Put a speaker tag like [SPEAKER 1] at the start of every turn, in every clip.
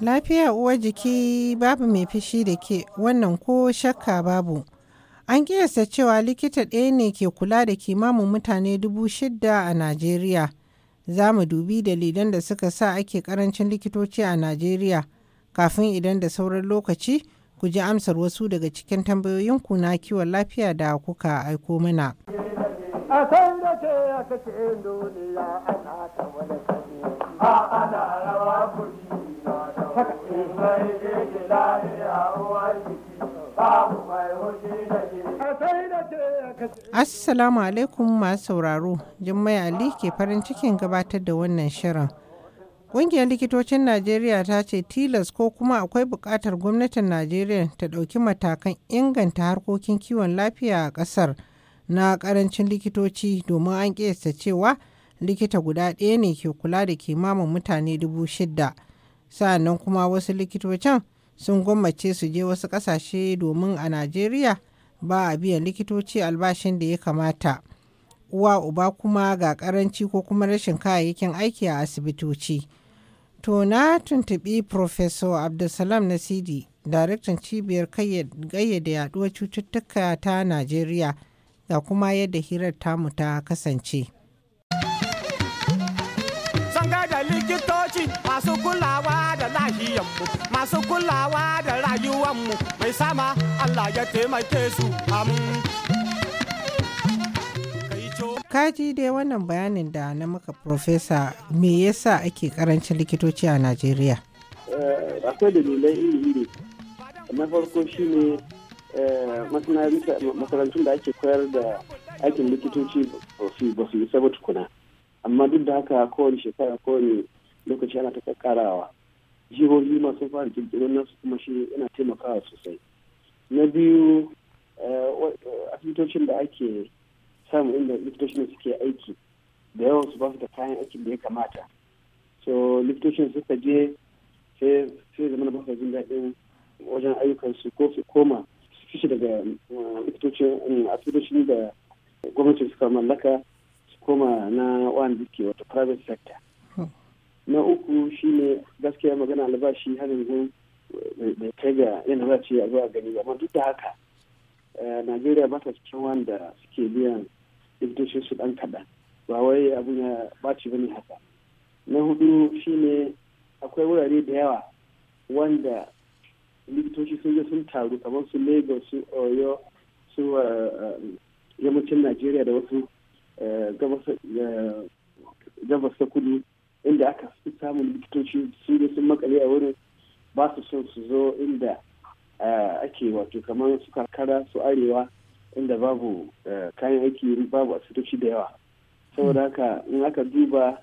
[SPEAKER 1] Lafiya uwar jiki babu mai fishi da ke wannan ko shakka babu. An kiyasta cewa likita ɗaya ne ke kula da kimanin mutane dubu shida a Najeriya. Za mu dubi dalilan da suka sa ake karancin likitoci a Najeriya kafin idan da sauran lokaci ku ji amsar wasu daga cikin tambayoyinku na kiwon lafiya da kuka aiko mana.
[SPEAKER 2] a da ke kace duniya ta wani kare a ana rawa kuri na da wani mai lafiya uwar jiki babu mai hoji da ke
[SPEAKER 1] Assalamu alaikum masu sauraro, Jummai Ali ke farin cikin gabatar da wannan shirin. Ƙungiyar likitocin Najeriya ta ce tilas ko kuma akwai buƙatar gwamnatin Najeriya ta ɗauki matakan inganta harkokin kiwon lafiya a ƙasar na karancin likitoci domin an kiyasta cewa likita guda ɗaya ne ke kula da kimamin mutane dubu shida sa'annan kuma wasu likitocin sun gwammace su je wasu ƙasashe domin a najeriya ba a biyan likitoci albashin da ya kamata uwa uba kuma ga karanci ko kuma rashin kayayyakin aiki a asibitoci to na tuntubi professor abdulsalam nasidi daraktan cibiyar kayyade yaduwar cututtuka ta najeriya ga kuma yadda hirar tamu ta kasance. Sanga da likitoci masu kulawa da lahiyanmu, masu kulawa da rayuwanmu mai sama Allah ya taimake su amin. Kaji dai wannan bayanin da na maka Profesa me yasa ake karancin likitoci a Najeriya?
[SPEAKER 2] Eh, akwai dalilai iri-iri. Na farko shi ne Eh, makarantun da ake koyar da aikin likitoci ba su yi saba tukuna amma duk da haka kowane shekara kowane lokaci ana ta kakkarawa jihohi masu fara ruwan nasu kuma shi yana taimakawa sosai na biyu eh, eh, asibitocin da ake samu inda likitocin suke aiki da yawan su ba su da kayan aikin da ya kamata so likitocin suka je sai zama na su jin daɗin wajen ayyukansu ko su koma kishi daga uh, likitocin um, asibitocin da gwamnati suka mallaka su koma na wanda suke wato private sector hmm.
[SPEAKER 1] na uku
[SPEAKER 2] shine gaskiya magana albashi har yanzu bai kai ga yana za ce a zuwa gani amma duk da haka uh, najeriya ba ta cikin wanda suke biyan likitocin su dan kaɗan ba wai abin ya ɓaci bane haka na hudu shine akwai wurare da yawa wanda likitoci sun je sun taru kamar su lagos su oyo su eh, eh, yammacin najeriya da wasu eh, gabas ta kudu inda aka fi samun likitoci sun je sun makale a wurin ba su son su zo inda ake wato kamar su karkara su arewa inda babu kayan aiki babu asibitoci da yawa saboda haka in aka duba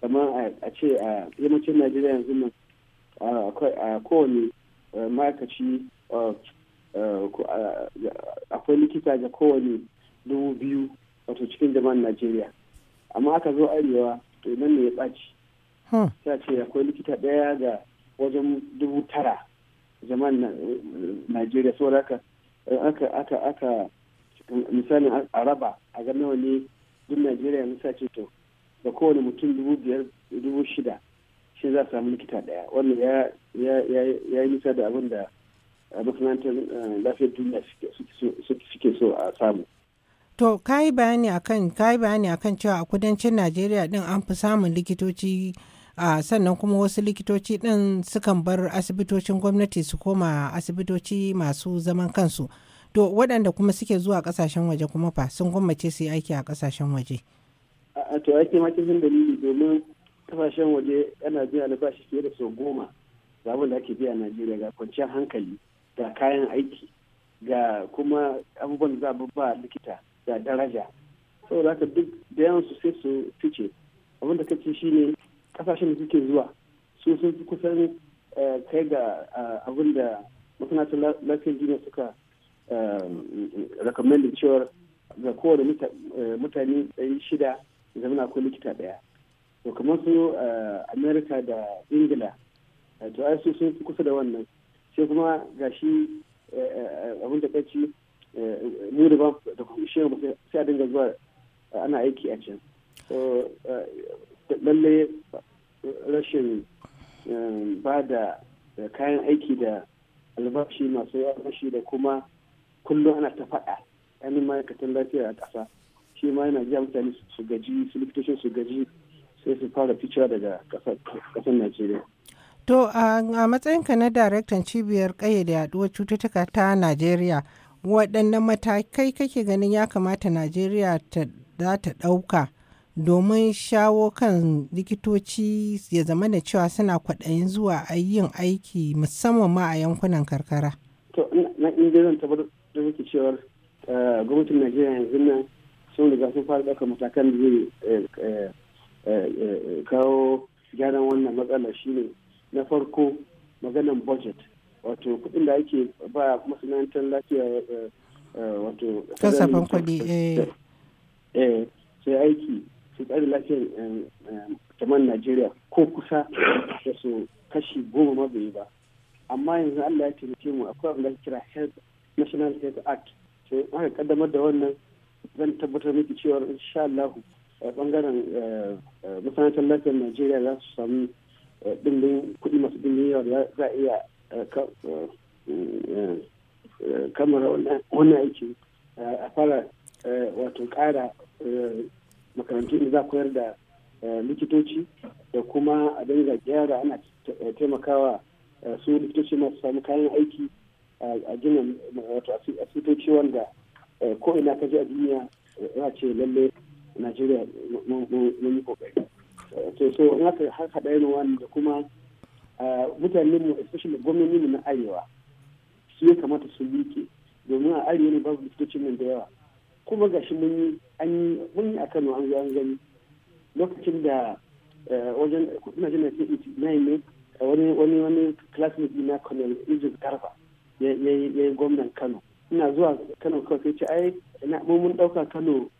[SPEAKER 2] kamar a ce a yammacin najeriya yanzu nan a kowane Eh, ma'aikaci eh, eh, akwai likita ga kowane dubu biyu wato cikin jama'an najeriya amma aka zo arewa to nan ne ya ɓaci ta ce akwai likita ɗaya ga wajen dubu tara jama'an najeriya saboda haka aka aka aka misalin araba a ga nawa ne duk najeriya ya ce to da kowane mutum dubu biyar dubu shida shi za a samu likita daya wannan ya yi nisa da abin da uh, makarantar uh, lafiyar duniya suke so a samu
[SPEAKER 1] to kayi bayani akan bayani akan cewa a kudancin najeriya din an fi samun likitoci a sannan kuma wasu likitoci din sukan bar asibitocin gwamnati su koma asibitoci masu zaman kansu to waɗanda kuma suke zuwa ƙasashen waje kuma fa sun gwammace su yi aiki a ƙasashen waje
[SPEAKER 2] a to ake makin dalili domin kasashen waje ana biya albashi fiye da sau goma ga abin da ake biya a najeriya ga kwanciyar hankali ga kayan aiki ga kuma abubuwan za a ba likita da daraja saboda haka duk da yawan su sai su fice abin da kace shine kasashen da suke zuwa su sun fi kusan eh, kai ga eh, abin da masana'antar lafiyar suka eh, recommended cewar ga kowane mutane ɗari shida zama akwai likita ɗaya to kamar su eh, america da ingila eh, to ai su sun kusa da wannan sai kuma gashi eh, abin da kaci mu da shi sai a dinga zuwa ana aiki a can so lalle rashin ba da kayan aiki da albashi masu albashi da kuma kullum ana ta faɗa yanin ma'aikatan lafiya a ƙasa shi ma yana jiya mutane su gaji su likitocin su gaji sai su fara ficewa daga kasar najeriya
[SPEAKER 1] to a matsayinka na daraktan cibiyar ƙayyade yaduwar cututtuka ta najeriya waɗannan matakai kake ganin ya kamata najeriya za ta ɗauka domin shawo kan likitoci ya zama da cewa suna kwaɗayin zuwa yin aiki musamman ma a yankunan karkara. To,
[SPEAKER 2] na inda zan tabbatar da yake cewar eh, gwamnatin Najeriya yanzu nan sun riga sun fara ɗaukar matakan da zai eh, eh, Eh, eh, eh, kawo gyaran wannan matsala shine na farko maganan budget wato kudin da ake ba masana'antar lafiya wato kasafin kudi eh sai aiki su tsari lafiyar jaman najeriya ko kusa da su kashi goma ma bai ba amma yanzu allah ya taimake mu akwai abin da kira health national health act sai aka kaddamar da wannan zan tabbatar miki cewa insha allahu Eh, bangaren eh, eh, masana'antar lafiyar najeriya za su samu dimbin kuɗi masu dimbin yawa za a iya kamar wannan aiki a fara wato ƙara makarantu da za koyar da likitoci da kuma a dinga gyara ana taimakawa su likitoci masu samu kayan aiki a gina wato asibitoci wanda ko ina ka je a duniya za ce lallai najeriya mun yi kokari so so in aka haɗa irin wani da kuma mutanen mu especially gwamnoni mu na arewa su ya kamata su miƙe domin a arewa ne babu likitocin nan da yawa kuma gashi mun yi mun yi a kano an an gani lokacin da wajen jina ce it ne wani wani wani classmate ina colonel Idris Garba ya yi gwamnan Kano ina zuwa Kano kawai sai ce ai mun mun dauka Kano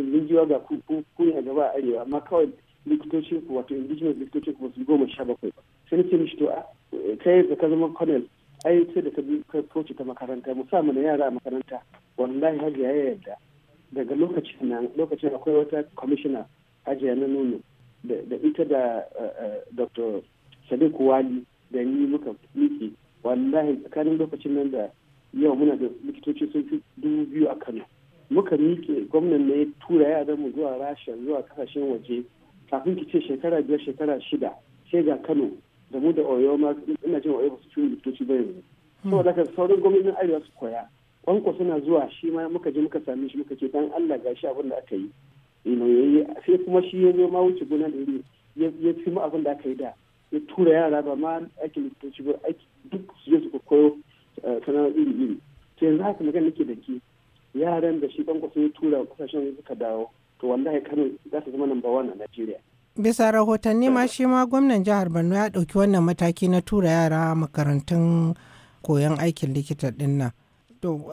[SPEAKER 2] rijiwa ga ku kun a gaba arewa amma kawai likitocin ku wato indigenous likitocin ku su goma sha bakwai sai nake mishi to kai da ka zama colonel ai sai da ka bi ka koci ta makaranta mu sa mana yara a makaranta wallahi hajiya ya yarda daga lokacin nan lokacin akwai wata commissioner hajiya na nono da ita da eh, eh, dr sadiq wali da ni muka miki wallahi tsakanin lokacin nan da yau muna da likitoci sun fi dubu biyu a kano muka miƙe gwamnan ne ya tura yaran mu zuwa rasha zuwa kasashen waje kafin ki ce shekara biyar shekara shida sai ga kano da mu da oyo ma ina jin oyo ba su cikin likitoci ba yanzu hmm. saboda haka sauran gwamnatin arewa su koya kwanko suna zuwa shi ma muka je muka sami shi muka ce dan Allah gashi abin da aka yi sai kuma shi ya zo ma wuce gona da iri ya fi mu abin da aka yi da ya tura yara ba ma aiki likitoci ba aiki duk su je su koyo eh, sana'o'i iri to yanzu haka magana nake da ke yaran da shi kwankwaso ya tura kasashen suka dawo to wanda wallahi kano za su zama number one a najeriya
[SPEAKER 1] bisa rahotanni ma shi ma gwamnan jihar borno ya ɗauki wannan mataki na tura yara makarantun koyon aikin likita ɗin nan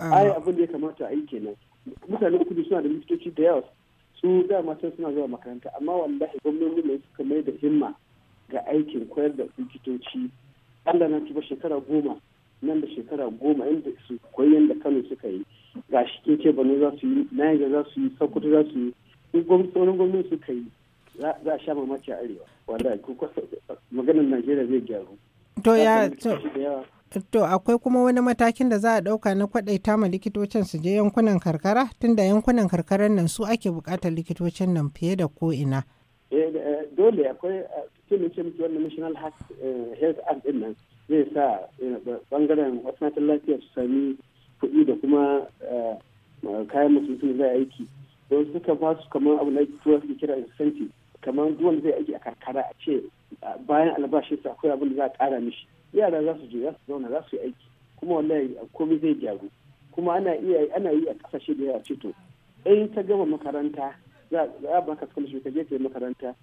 [SPEAKER 1] ah, ai abin
[SPEAKER 2] da ya kamata a yi kenan mutane kudu suna da likitoci da yawa su da matan suna zuwa makaranta amma wallahi gwamnoni ne suka mai da himma ga aikin koyar da likitoci allah na tuba shekara goma nan da shekara goma inda su koyi yadda kano suka yi ga shi ke ce bano za su yi naija za su yi sokoto za su yi in gwamnati gwamnati suka yi za a sha mamaki a arewa wallahi ko maganar najeriya zai gyaru to ya
[SPEAKER 1] to akwai kuma wani matakin da za a ɗauka na kwaɗaita ma likitocin su je yankunan karkara tunda yankunan karkarar nan su ake buƙatar likitocin nan fiye da ko ina
[SPEAKER 2] eh, eh, dole akwai cikin eh, ce miki wannan national health act din nan zai sa eh, bangaren wasu matan lafiya su sami kuɗi da kuma eh, kayan masu zai aiki don suka ba su kamar abu na kira su kira kamar duwan zai aiki a karkara a ce bayan albashinsa akwai abin da za a kara mishi yara za su je za su zauna za su yi aiki kuma wallahi komai zai gyaru kuma ana iya ana yi a kasashe da yawa ceto in ta gama makaranta za a baka scholarship ka je ka yi makaranta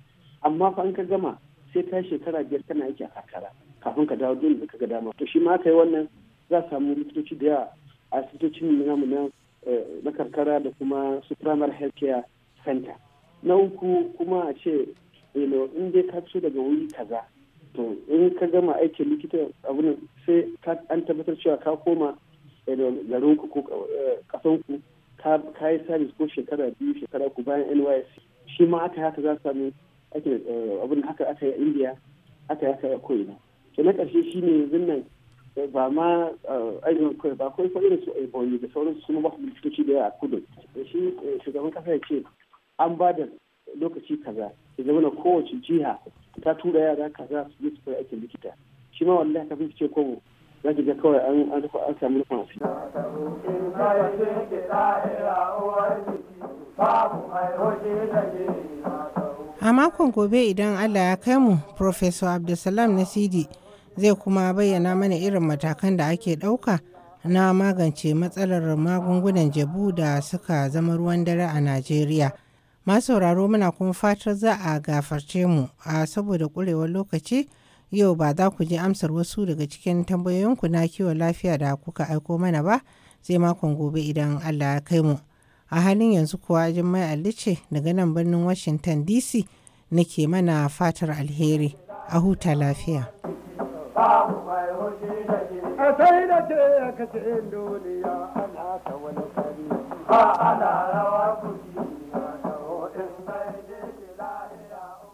[SPEAKER 2] amma fa in ka gama sai ta shekara biyar tana aiki a karkara kafin ka dawo dole ka ga dama to shi ma aka yi wannan za a samu likitoci da yawa a asibitocin namu na eh, na karkara da kuma su primary health care center na uku kuma a ce in dai ka fito daga wuri kaza to in ka gama aikin likita abin sai an tabbatar cewa ka koma garinku ko eh, ku ka yi sabis ko shekara biyu shekara ku bayan nys shi ma aka haka za su sami eh, abin haka aka yi indiya aka yi haka ko'ina na ƙarshe ne yanzu nan eh, ba ma eh, ainihin kawai ba kawai irin su aiboni da sauransu su ba su likitoci da a kudu shi eh, shugaban kasa ya ce an ba da lokaci kaza ya zama kowace jiha ta tura yara kaza su je su koyi aikin likita shi ma wallahi kafin su ko komo za ki ga kawai an an an samu nufin asiri.
[SPEAKER 1] A makon gobe idan Allah ya kai mu, Profesor Abdulsalam Nasidi zai kuma bayyana mana irin matakan da ake ɗauka na magance matsalar magungunan jabu da suka zama ruwan dare a Najeriya. sauraro muna kuma fatar za a gafarce mu a saboda ƙurewar lokaci yau ba za ku je amsar wasu daga cikin tambayoyinku na kiwon lafiya da kuka aiko mana ba sai makon gobe idan Allah ya kai mu. A halin yanzu kuwa Jummai Ali ce daga nan birnin Washington DC nake mana fatar alheri a huta lafiya.
[SPEAKER 2] babu da a da ka ce duniya ana ta wani kari ba ana rawa kusa